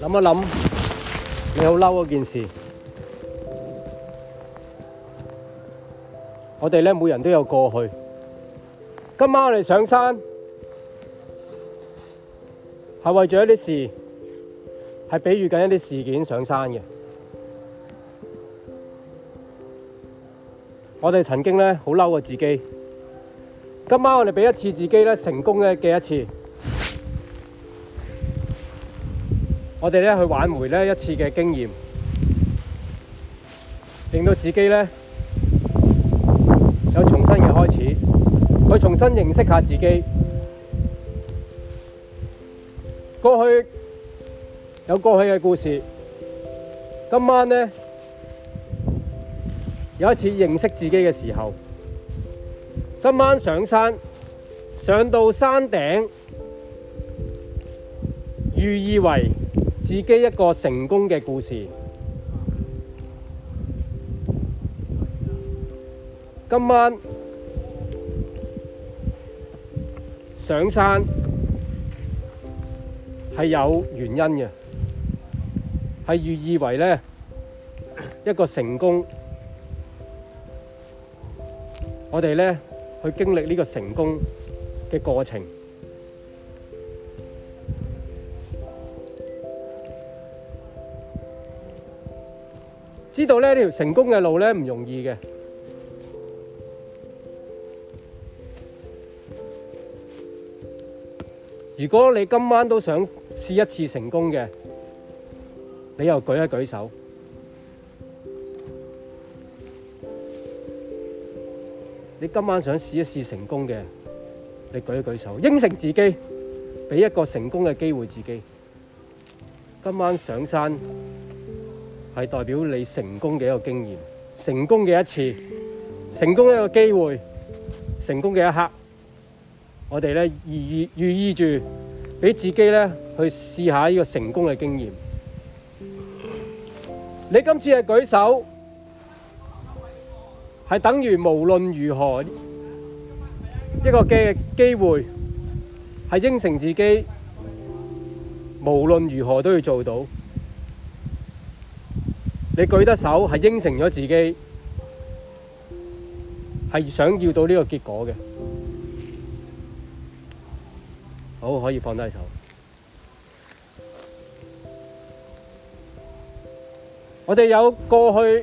諗一諗，你好嬲嗰件事。我哋咧每人都有過去。今晚我哋上山係為咗一啲事，係比喻緊一啲事件上山嘅。我哋曾經咧好嬲過自己，今晚我哋俾一次自己咧成功嘅記一次，我哋咧去挽回呢一次嘅經驗，令到自己咧有重新嘅開始，去重新認識下自己，過去有過去嘅故事，今晚咧。有一次認識自己嘅時候，今晚上山上到山頂，寓意為自己一個成功嘅故事。今晚上山係有原因嘅，係寓意為呢一個成功。我哋呢去經歷呢個成功嘅過程，知道呢，呢這條成功嘅路呢，唔容易嘅。如果你今晚都想試一次成功嘅，你又舉一舉手。你今晚想試一試成功嘅，你舉一舉手，應承自己，俾一個成功嘅機會自己。今晚上山係代表你成功嘅一個經驗，成功嘅一次，成功一個機會，成功嘅一刻，我哋咧預，預意預意住，俾自己咧去試下呢個成功嘅經驗。你今次係舉手。係等於無論如何，一個嘅機會係應承自己，無論如何都要做到。你舉得手係應承咗自己，係想要到呢個結果嘅。好，可以放低手。我哋有過去。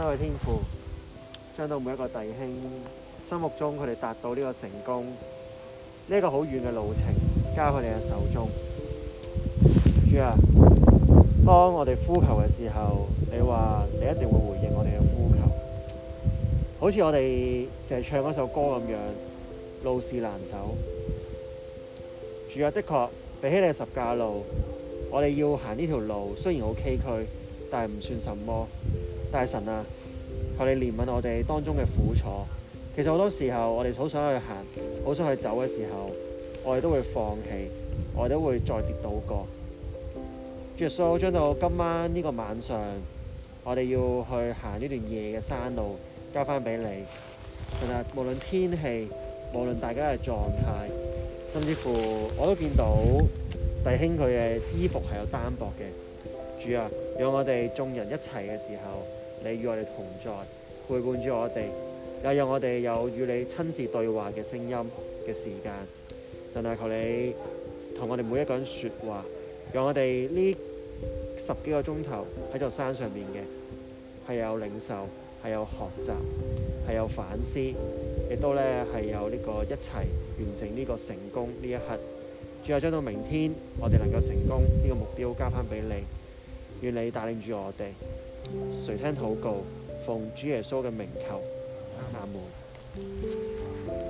所有天賦，將到每一個弟兄心目中，佢哋達到呢個成功，呢一個好遠嘅路程，交佢哋嘅手中。主啊，當我哋呼求嘅時候，你話你一定會回應我哋嘅呼求，好似我哋成日唱嗰首歌咁樣，路是難走。主啊，的確比起你十架路，我哋要行呢條路，雖然好崎嶇，但係唔算什麼。大神啊，求你憐憫我哋當中嘅苦楚。其實好多時候，我哋好想去行，好想去走嘅時候，我哋都會放棄，我哋都會再跌倒過。主耶穌將到今晚呢個晚上，我哋要去行呢段夜嘅山路，交翻俾你。神啊，無論天氣，無論大家嘅狀態，甚至乎我都見到弟兄佢嘅衣服係有單薄嘅。主啊，讓我哋眾人一齊嘅時候。你與我哋同在，陪伴住我哋，也讓我哋有與你親自對話嘅聲音嘅時間。神啊，求你同我哋每一個人說話，讓我哋呢十幾個鐘頭喺座山上邊嘅係有領受，係有學習，係有反思，亦都咧係有呢個一齊完成呢個成功呢一刻。最後，將到明天我哋能夠成功呢個目標，交返俾你，願你帶領住我哋。誰聽禱告，奉主耶穌嘅名求，阿們。